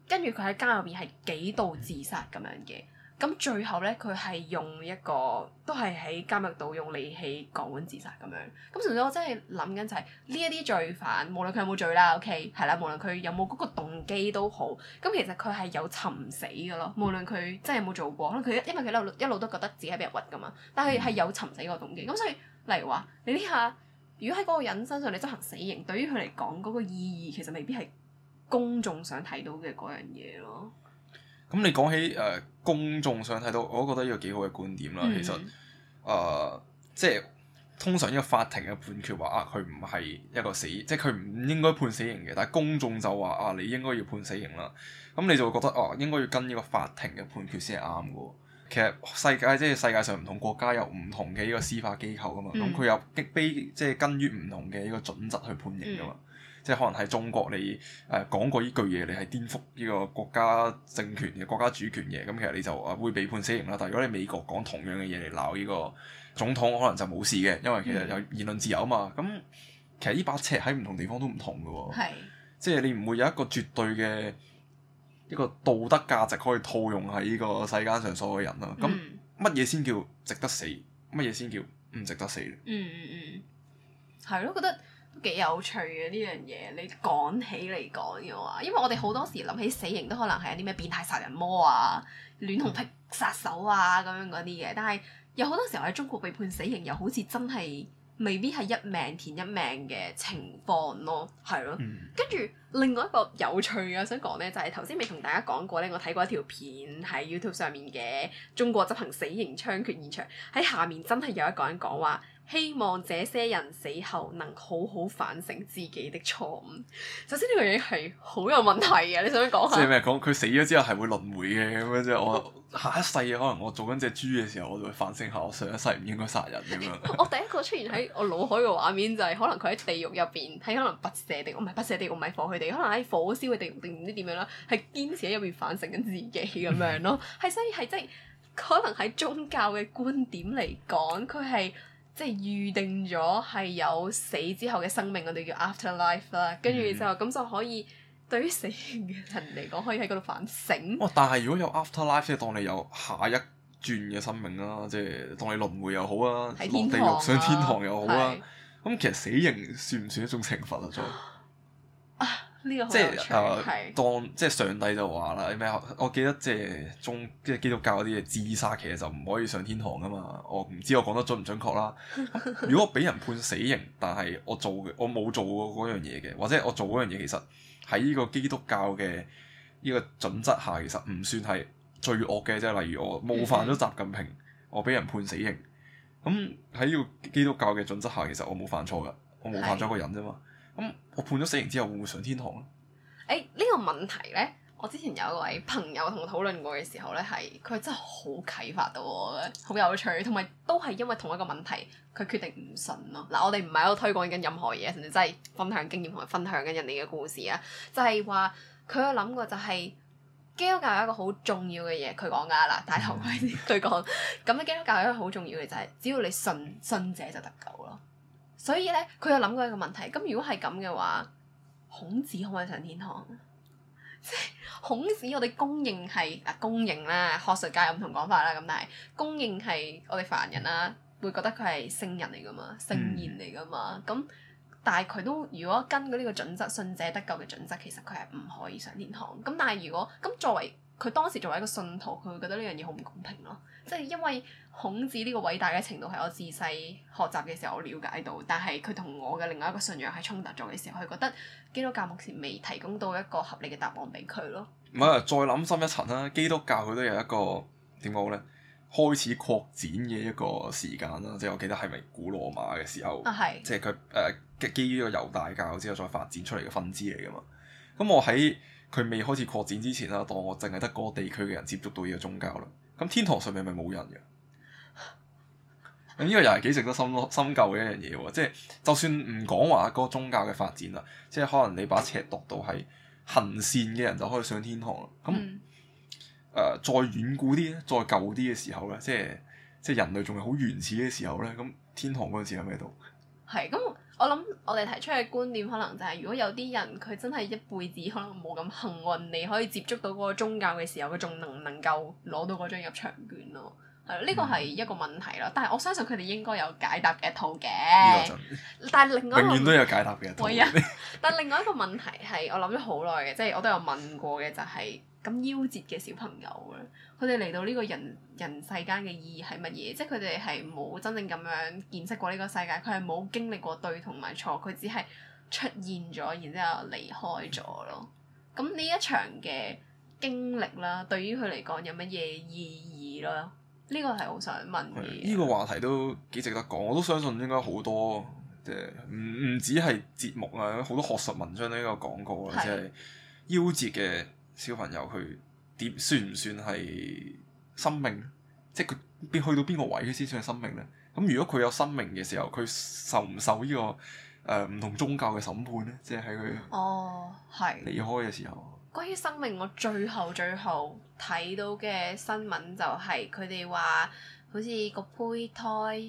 跟住佢喺監入邊係幾度自殺咁樣嘅。咁最後咧，佢係用一個都係喺監獄度用利器割腕自殺咁樣。咁純粹我真係諗緊就係呢一啲罪犯，無論佢有冇罪啦，OK 係啦，無論佢有冇嗰個動機都好。咁其實佢係有尋死㗎咯。無論佢真係有冇做過，可能佢因為佢一路一路都覺得自己係俾人屈噶嘛。但係係有尋死嗰個動機。咁所以，例如話你呢下，如果喺嗰個人身上你執行死刑，對於佢嚟講嗰個意義，其實未必係公眾想睇到嘅嗰樣嘢咯。咁你講起誒？Uh 公眾上睇到，我都覺得呢個幾好嘅觀點啦。嗯、其實，誒、呃，即係通常呢個法庭嘅判決話啊，佢唔係一個死，即係佢唔應該判死刑嘅。但係公眾就話啊，你應該要判死刑啦。咁你就會覺得啊，應該要跟呢個法庭嘅判決先係啱嘅。其實世界即係世界上唔同國家有唔同嘅呢個司法機構㗎嘛，咁佢、嗯、有基卑即係根於唔同嘅呢個準則去判刑㗎嘛。嗯即係可能喺中國你，你誒講過呢句嘢，你係顛覆呢個國家政權嘅國家主權嘢，咁其實你就誒會被判死刑啦。但係如果你美國講同樣嘅嘢嚟鬧呢個總統，可能就冇事嘅，因為其實有言論自由啊嘛。咁、嗯、其實呢把尺喺唔同地方都唔同嘅喎，是即係你唔會有一個絕對嘅一個道德價值可以套用喺呢個世間上所有人啦。咁乜嘢先叫值得死，乜嘢先叫唔值得死？嗯嗯嗯，係、嗯、咯、嗯，覺得。都幾有趣嘅呢樣嘢，你講起嚟講嘅話，因為我哋好多時諗起死刑都可能係有啲咩變態殺人魔啊、戀童癖殺手啊咁樣嗰啲嘅，但係有好多時候喺中國被判死刑，又好似真係未必係一命填一命嘅情況咯，係咯、啊。跟住、嗯、另外一個有趣嘅我想講咧，就係頭先未同大家講過咧，我睇過一條片喺 YouTube 上面嘅中國執行死刑槍決現場，喺下面真係有一個人講話。希望這些人死後能好好反省自己的錯誤。首先呢個嘢係好有問題嘅，你想講下，即係咩講？佢死咗之後係會輪迴嘅咁樣即係。我 下一世可能我做緊隻豬嘅時候，我就會反省下我上一世唔應該殺人咁樣。 我第一個出現喺我腦海嘅畫面就係可能佢喺地獄入邊，係可能拔舌地獄，唔係拔舌地獄，我唔係放佢哋，可能喺 火燒嘅地獄定唔知點樣啦，係堅持喺入邊反省緊自己咁樣咯。係 所以係即係可能喺宗教嘅觀點嚟講，佢係。即係預定咗係有死之後嘅生命，我哋叫 after life 啦。跟住就咁就可以，對於死刑嘅人嚟講，可以喺嗰度反省。哇、哦！但係如果有 after life，即係當你有下一轉嘅生命啦，即係當你輪迴又好天堂啊，落地獄上天堂又好啦。咁的其實死刑算唔算一種懲罰啊？咁？啊即係誒，呃、是當即係上帝就話啦，咩？我記得即係宗即係基督教嗰啲嘅「自殺」其實就唔可以上天堂噶嘛。我唔知我講得準唔準確啦。 如果我俾人判死刑，但係我做我冇做嗰樣嘢嘅，或者我做嗰樣嘢其實喺呢個基督教嘅呢個準則下，其實唔算係最惡嘅。即係例如我冒犯咗習近平， 我俾人判死刑。咁喺呢個基督教嘅準則下，其實我冇犯錯噶，我冒犯咗一個人啫嘛。 咁、嗯、我判咗死刑之後會唔會上天堂啊？誒、欸、呢、這個問題咧，我之前有一位朋友同我討論過嘅時候咧，係佢真係好啟發到我，好有趣，同埋都係因為同一個問題，佢決定唔信咯。嗱，我哋唔係喺度推廣緊任何嘢，甚至真係分享經驗同埋分享緊人哋嘅故事啊，就係話佢有諗過就係、是、基督教有一個好重要嘅嘢，佢講噶啦，大頭，佢講咁樣基督教有一個好重要嘅就係、是，只要你信，信者就得救咯。所以咧，佢有諗過一個問題。咁如果係咁嘅話，孔子可唔可以上天堂？即 係孔子，我哋公認係啊，公認啦，學術界有唔同講法啦。咁但係公認係我哋凡人啦，會覺得佢係聖人嚟噶嘛，聖賢嚟噶嘛。咁但係佢都如果根據呢個準則，信者得救嘅準則，其實佢係唔可以上天堂。咁但係如果咁作為。佢當時作為一個信徒，佢會覺得呢樣嘢好唔公平咯。即係因為孔子呢個偉大嘅程度，係我自細學習嘅時候我了解到，但係佢同我嘅另外一個信仰係衝突咗嘅時候，佢覺得基督教目前未提供到一個合理嘅答案俾佢咯。唔係，再諗深一層啦，基督教佢都有一個點講咧，開始擴展嘅一個時間啦。即係我記得係咪古羅馬嘅時候啊？係，即係佢誒基於呢個猶太教之後再發展出嚟嘅分支嚟噶嘛。咁我喺佢未開始擴展之前啦，當我淨係得嗰個地區嘅人接觸到呢個宗教啦。咁天堂上面係咪冇人嘅啊？咁呢個又係幾值得深深究嘅一樣嘢喎。即、就、係、是、就算唔講話個宗教嘅發展啦，即係可能你把尺度度到係行善嘅人就可以上天堂啦。咁誒、嗯呃、再遠古啲、再舊啲嘅時候咧，即係即係人類仲係好原始嘅時候咧，咁天堂嗰陣時喺咩度？係咁。我諗我哋提出嘅觀點可能就係、是，如果有啲人佢真係一輩子可能冇咁幸運，你可以接觸到嗰個宗教嘅時候，佢仲能唔能夠攞到嗰張入場券咯？係咯，呢個係一個問題咯。但係我相信佢哋應該有解答嘅一套嘅。但係另外一個永遠都有解答嘅一套。啊、 但係另外一個問題係，我諗咗好耐嘅，即係我都有問過嘅、就是，就係。咁夭折嘅小朋友咧，佢哋嚟到呢個人人世間嘅意義係乜嘢？即係佢哋係冇真正咁樣見識過呢個世界，佢係冇經歷過對同埋錯，佢只係出現咗，然之後離開咗咯。咁呢一場嘅經歷啦，對於佢嚟講有乜嘢意義咧？呢、呢個係好想問嘅。呢、呢個話題都幾值得講，我都相信應該好多即係唔唔止係節目啦、啊，好多學術文章呢都有講過，即係夭折嘅。小朋友佢點算唔算係生命？即係佢邊去到邊個位佢先算係生命呢？咁如果佢有生命嘅時候，佢受唔受呢、這個誒唔、呃、同宗教嘅審判呢？即係喺佢哦，係離開嘅時候。關於、哦、生命，我最後最後睇到嘅新聞就係佢哋話。好似個胚胎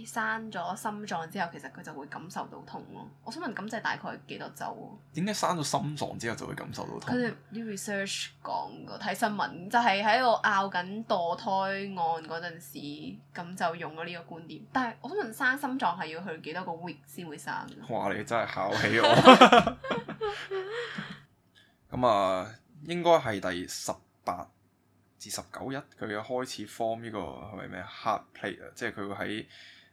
生咗心臟之後，其實佢就會感受到痛咯。我想問，咁即係大概幾多周？點解生咗心臟之後就會感受到痛？佢哋啲 research 講過，睇新聞就係喺度拗緊墮胎案嗰陣時，咁就用咗呢個觀點。但係我想問，生心臟係要去幾多個 week 先會生？哇！你真係考起我。咁啊，應該係第十八。自十九日，佢嘅開始 form 呢、這個係咪咩 heart plate 啊？即係佢會喺誒、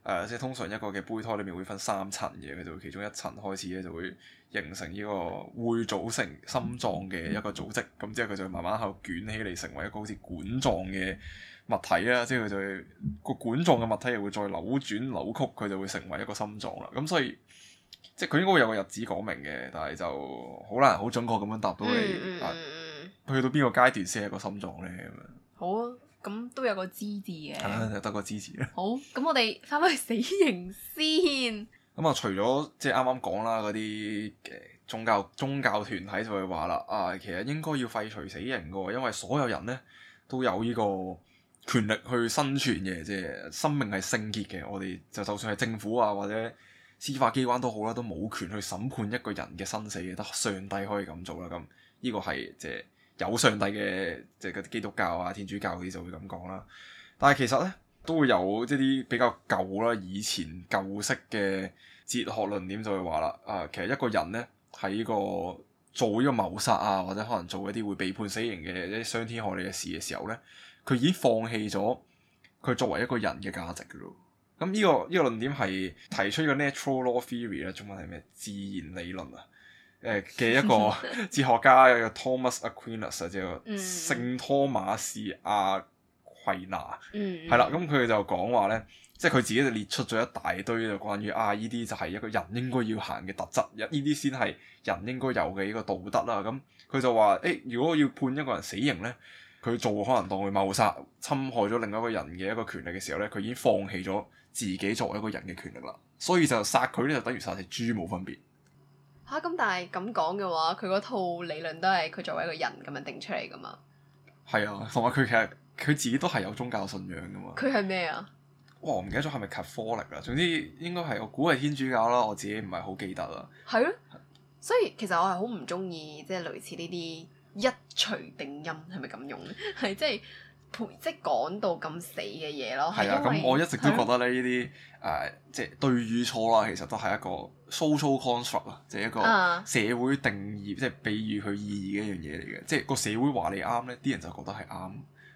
呃，即係通常一個嘅胚胎裏面會分三層嘅，佢就會其中一層開始咧，就會形成呢個會組成心臟嘅一個組織。咁、嗯、之後佢就會慢慢哋捲起嚟，成為一個好似管狀嘅物體啊。之後佢就會個管狀嘅物體又會再扭轉扭曲，佢就會成為一個心臟啦。咁所以即係佢應該會有個日子講明嘅，但係就好難好準確咁樣答到你。嗯嗯去到邊個階段先係個心臟呢？咁樣？好啊，咁都有個支持嘅， 啊，就得個支持啦。好，咁我哋翻翻去死刑先。咁啊、 嗯，除咗即係啱啱講啦，嗰啲宗教宗教團體就會話啦，啊，其實應該要廢除死刑嘅，因為所有人呢都有呢個權力去生存嘅，即係生命係聖潔嘅。我哋就就算係政府啊或者司法機關都好啦，都冇權去審判一個人嘅生死嘅，得上帝可以咁做啦。咁呢個係即係。有上帝嘅即係啲基督教啊、天主教嗰啲就會咁講啦。但係其實咧都會有即啲比較舊啦、以前舊式嘅哲學論點就會話啦，啊，其實一個人咧喺個做呢個謀殺啊，或者可能做一啲會被判死刑嘅一啲傷天害理嘅事嘅時候咧，佢已經放棄咗佢作為一個人嘅價值嘅咯。咁呢個呢個論點係提出呢個 natural law theory 啦，中文係咩？自然理論啊。誒嘅一個哲學家，有個 Thomas Aquinas 即個聖托馬斯阿奎納，係啦，咁佢就講話咧，即係佢自己就列出咗一大堆就關於啊依啲就係一個人應該要行嘅特質，呢啲先係人應該有嘅一個道德啦。咁佢就話，誒、欸，如果要判一個人死刑咧，佢做可能當佢謀殺、侵害咗另外一個人嘅一個權利嘅時候咧，佢已經放棄咗自己作為一個人嘅權利啦，所以就殺佢咧就等於殺隻豬冇分別。嚇咁、啊，但係咁講嘅話，佢嗰套理論都係佢作為一個人咁樣定出嚟噶嘛？係啊，同埋佢其實佢自己都係有宗教信仰噶嘛。佢係咩啊？哇，我唔記得咗係咪 Catholic 嚟噶？總之應該係我估係天主教啦，我自己唔係好記得啦。係咯、啊，是所以其實我係好唔中意即係類似呢啲一錘定音係咪咁用？係即係。就是即係講到咁死嘅嘢咯，係啊，咁我一直都覺得咧，呢啲誒即係對與錯啦，其實都係一個 social construct 啊，即係一個社會定義，啊、即係比喻佢意義嘅一樣嘢嚟嘅，即係個社會話你啱呢，啲人就覺得係啱；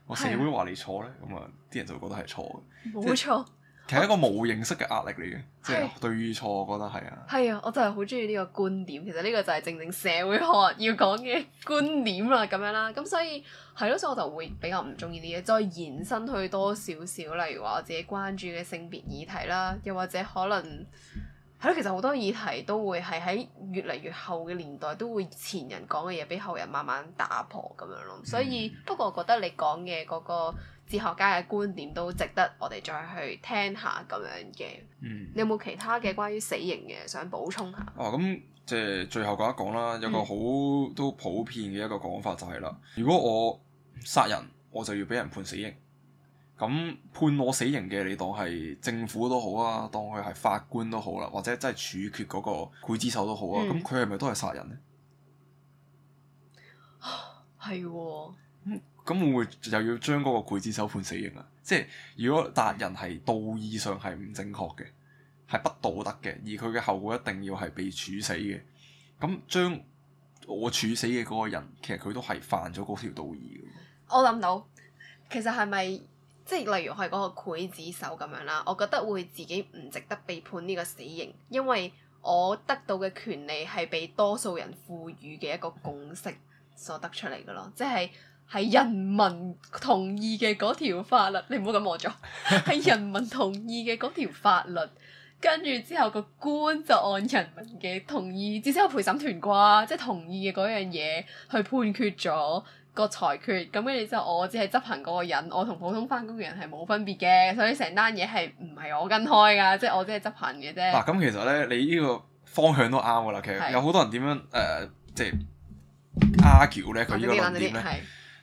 個社會話你錯呢，咁啊啲人就覺得係錯嘅。冇錯。就是其實一個無形式嘅壓力嚟嘅，即係、啊、對與錯，我覺得係啊。係啊，我就係好中意呢個觀點。其實呢個就係正正社會學要講嘅觀點啦，咁樣啦。咁所以係咯，所以我就會比較唔中意啲嘢，再延伸去多少少，例如話我自己關注嘅性別議題啦，又或者可能係咯，其實好多議題都會係喺越嚟越後嘅年代，都會前人講嘅嘢俾後人慢慢打破咁樣咯。所以、嗯、不過，我覺得你講嘅嗰個。哲學家嘅觀點都值得我哋再去聽下咁樣嘅。嗯，你有冇其他嘅關於死刑嘅想補充下？哦、啊，咁即係最後講一講啦。有個好、嗯、都普遍嘅一個講法就係、是、啦，如果我殺人，我就要俾人判死刑。咁判我死刑嘅，你當係政府都好啊，當佢係法官都好啦，或者真係處決嗰個劊子手好、嗯、是是都好啊。咁佢係咪都係殺人咧？係喎、嗯。 嗯 對哦咁會唔會又要將嗰個劊子手判死刑啊？即係如果達人係道義上係唔正確嘅，係不道德嘅，而佢嘅後果一定要係被處死嘅。咁將我處死嘅嗰個人，其實佢都係犯咗嗰條道義嘅。我諗到，其實係咪即係例如係嗰個劊子手咁樣啦？我覺得會自己唔值得被判呢個死刑，因為我得到嘅權利係被多數人賦予嘅一個共識所得出嚟嘅咯，即係。係人民同意嘅嗰條法律，你唔好咁我作。係 人民同意嘅嗰條法律，跟住之後個官就按人民嘅同意，至少有陪審團啩，即係同意嘅嗰樣嘢去判決咗個裁決。咁嘅嘢之後，我只係執行嗰個人，我同普通返工嘅人係冇分別嘅，所以成單嘢係唔係我跟開噶，即係我只係執行嘅啫。嗱、啊，咁其實咧，你呢個方向都啱噶啦。其實是有好多人點樣誒、呃，即係阿喬咧，佢呢個論點咧。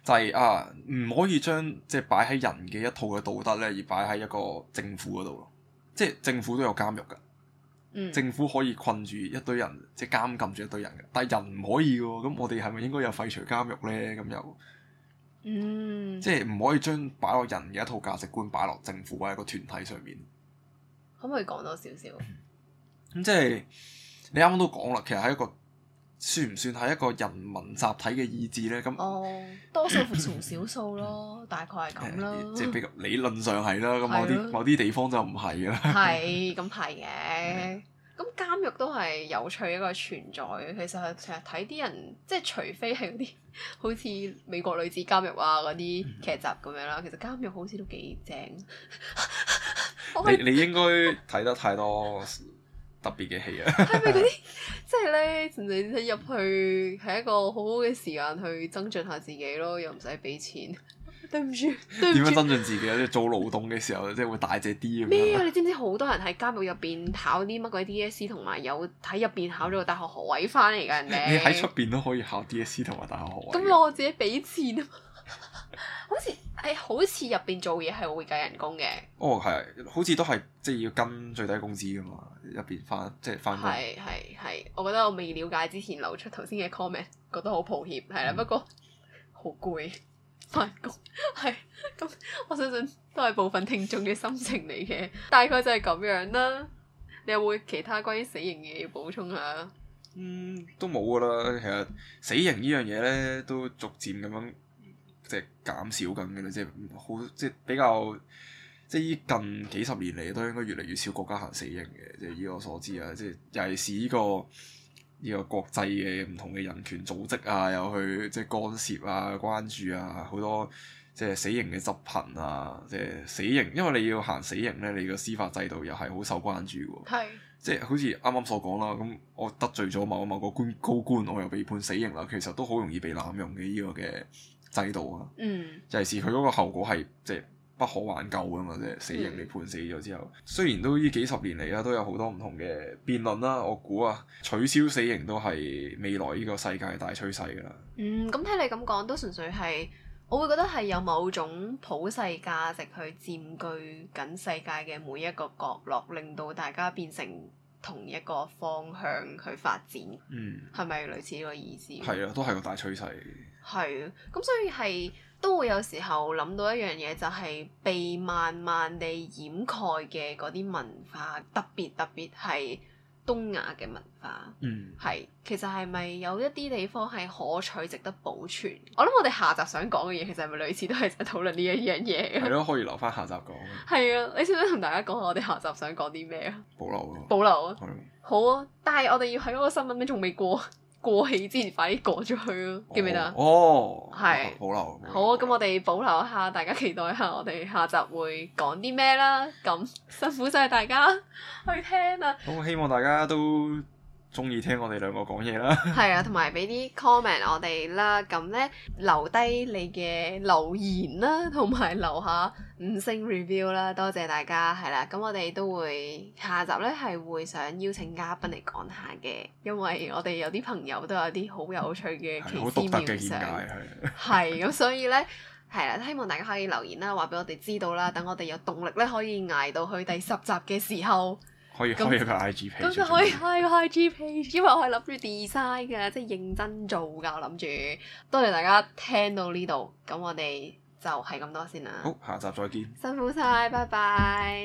就係啊，唔可以將即係擺喺人嘅一套嘅道德咧，而擺喺一個政府嗰度咯。即係政府都有監獄噶，嗯、政府可以困住一堆人，即係監禁住一堆人嘅。但係人唔可以嘅喎，咁我哋係咪應該有廢除監獄咧？咁又，嗯，即係唔可以將擺落人嘅一套價值觀擺落政府或者一個團體上面。可唔可以講多少少？咁、嗯、即係你啱啱都講啦，其實係一個。算唔算係一個人民集體嘅意志呢？咁哦，多數服從少數咯， 大概係咁啦。即係比較理論上係啦，咁某啲了某啲地方就唔係嘅。係咁係嘅，咁、嗯、監獄都係有趣一個存在。其實成日睇啲人，即係除非係嗰啲好似美國女子監獄啊嗰啲劇集咁樣啦，嗯、其實監獄好似都幾正。 我 你你應該睇得太多。 特別嘅戲啊 是是，係咪嗰啲即係咧？純粹入去係一個好好嘅時間去增進下自己咯，又唔使俾錢。對唔住，對唔住。點樣增進自己啊？即係 做勞動嘅時候，即係會大隻啲。咩啊？你知唔知好多人喺監獄入邊考啲乜鬼 D S 同埋，有喺入邊考咗個大學學位翻嚟噶？ 你喺出邊都可以考 D S 同埋大學學位。咁 我自己俾錢啊！ 好似係、哎，好似入邊做嘢係會計人工嘅。哦，係，好似都係，即係要跟最低工資噶嘛，入邊翻，即係翻工。係係係，我覺得我未了解之前流出頭先嘅 comment，覺得好抱歉，係啦，嗯、不過好攰，翻工係。咁我相信都係部分聽眾嘅心情嚟嘅，大概就係咁樣啦。你有冇其他關於死刑嘅嘢要補充下？嗯，都冇噶啦。其實死刑呢樣嘢咧，都逐漸咁樣。即係減少緊嘅啦，即係好即係比較即係依近幾十年嚟都應該越嚟越少國家行死刑嘅，即係以我所知啊，即係尤其是呢個呢個國際嘅唔同嘅人權組織啊，又去即係干涉啊、關注啊，好多即係死刑嘅執行啊，即係死刑，因為你要行死刑咧，你個司法制度又係好受關注喎。係即係好似啱啱所講啦，咁我得罪咗某某個官高官，我又被判死刑啦，其實都好容易被濫用嘅呢個嘅。制度啊，嗯，尤其是佢嗰個後果係，即係不可挽救啊嘛，即係死刑被判死咗之後，嗯、雖然都呢幾十年嚟啦，都有好多唔同嘅辯論啦。我估啊，取消死刑都係未來呢個世界嘅大趨勢噶啦。嗯，咁聽你咁講都純粹係，我會覺得係有某種普世價值去佔據緊世界嘅每一個角落，令到大家變成同一個方向去發展。嗯，係咪類似呢個意思？係啊，都係個大趨勢。係啊，咁所以係都會有時候諗到一樣嘢，就係、是、被慢慢地掩蓋嘅嗰啲文化，特別特別係東亞嘅文化。嗯，係其實係咪有一啲地方係可取，值得保存？我諗我哋下集想講嘅嘢，其實係咪類似都係想討論呢一樣嘢？係咯，可以留翻下集講。係啊，你想唔想同大家講下我哋下集想講啲咩啊？保留咯，保留咯。的好啊，但係我哋要喺嗰個新聞未仲未過。過氣之前快啲過咗去咯，oh, 記唔記得？哦、oh, 是，係，保留好啊，咁留我哋保留一下，大家期待一下我哋下集會講啲咩啦。咁 辛苦晒大家去聽啦。好希望大家都～中意聽我哋兩個講嘢啦，係啊，同埋俾啲 comment 我哋啦，咁咧留低你嘅留言啦，同埋留下五星 review 啦，多謝大家，係啦、啊，咁我哋都會下集咧係會想邀請嘉賓嚟講下嘅，因為我哋有啲朋友都有啲好有趣嘅奇思妙想，係咁、啊，所以咧係啦，希望大家可以留言啦，話俾我哋知道啦，等我哋有動力咧可以捱到去第十集嘅時候。可以開一個 IG page，咁就可以開個 IG page，因為我係諗住 design 噶，即係認真做噶。我諗住，多謝大家聽到呢度，咁我哋就係咁多先啦。好，下集再見。辛苦晒，拜拜。